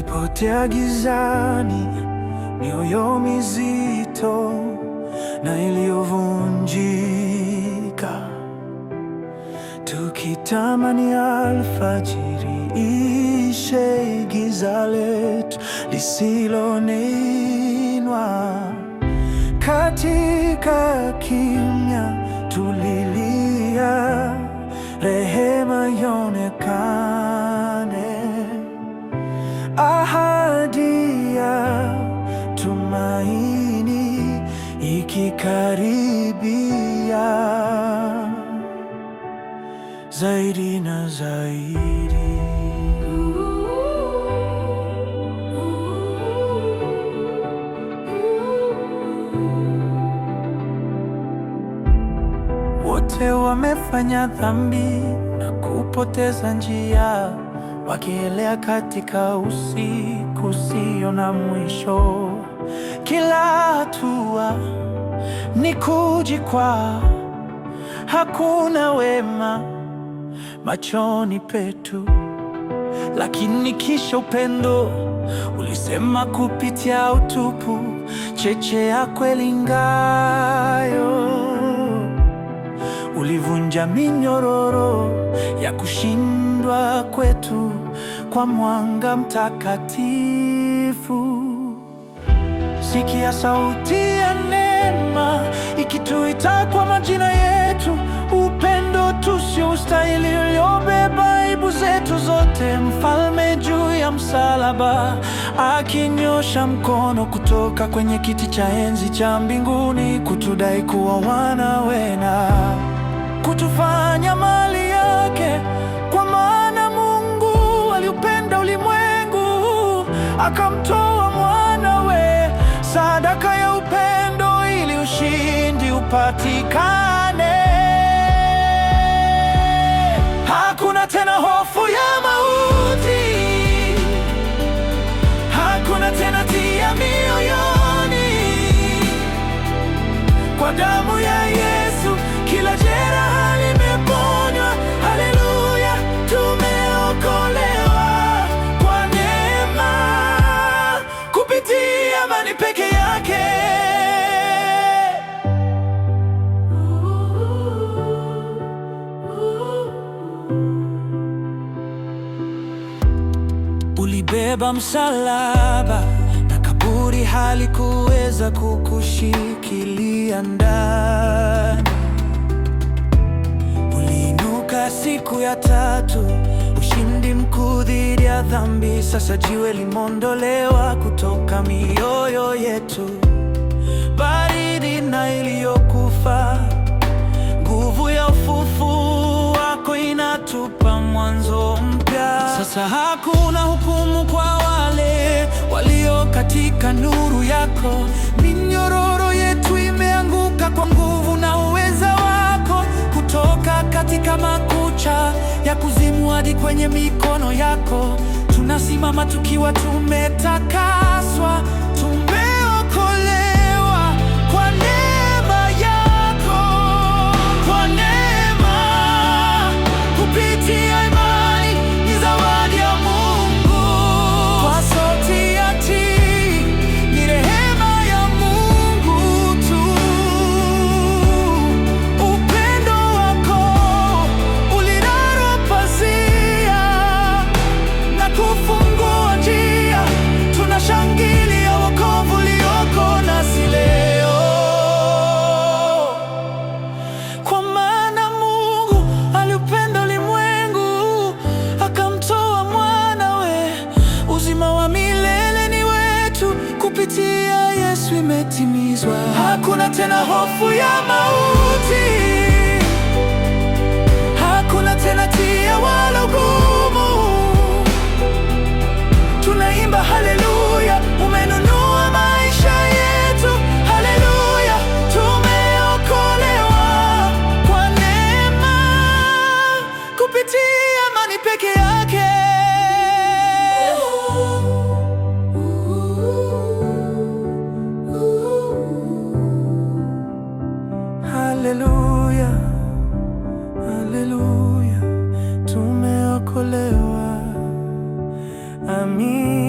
Nilipotea gizani, mioyo mizito na iliyovunjika, tukitamani alfajiri ishe giza letu lisilonenwa. Katika kimya tulilia, rehema yonekana karibia zaidi na zaidi. Wote wamefanya dhambi na kupoteza njia, wakielea katika usiku usio na mwisho. Kila hatua ni kwa hakuna wema machoni petu. Lakini kisha upendo ulisema kupitia utupu, cheche kweli ngayo ulivunja minyororo ya kushindwa kwetu kwa mwanga mtakatifu. Sikia sauti ya akituita kwa majina yetu, upendo ustahili uliobeba aibu zetu zote, mfalme juu ya msalaba, akinyosha mkono kutoka kwenye kiti cha enzi cha mbinguni, kutudai kuwa wana wena, kutufanya mali yake, kwa maana Mungu aliupenda ulimwengu akamtoa apatikane. Hakuna tena hofu ya Ulibeba msalaba na kaburi halikuweza kukushikilia ndani. Uliinuka siku ya tatu, ushindi mkuu dhidi ya dhambi. Sasa jiwe limeondolewa kutoka mioyo yetu, baridi na iliyokufa. Nguvu ya ufufuo wako inatupa mwanzo mpya. Sasa hakuna huku katika nuru yako. Minyororo yetu imeanguka kwa nguvu na uweza wako, kutoka katika makucha ya kuzimu hadi kwenye mikono yako. Tunasimama tukiwa tumetakaswa, tumeokolewa. tena hofu ya mauti. Haleluya, haleluya, tumeokolewa. Amin.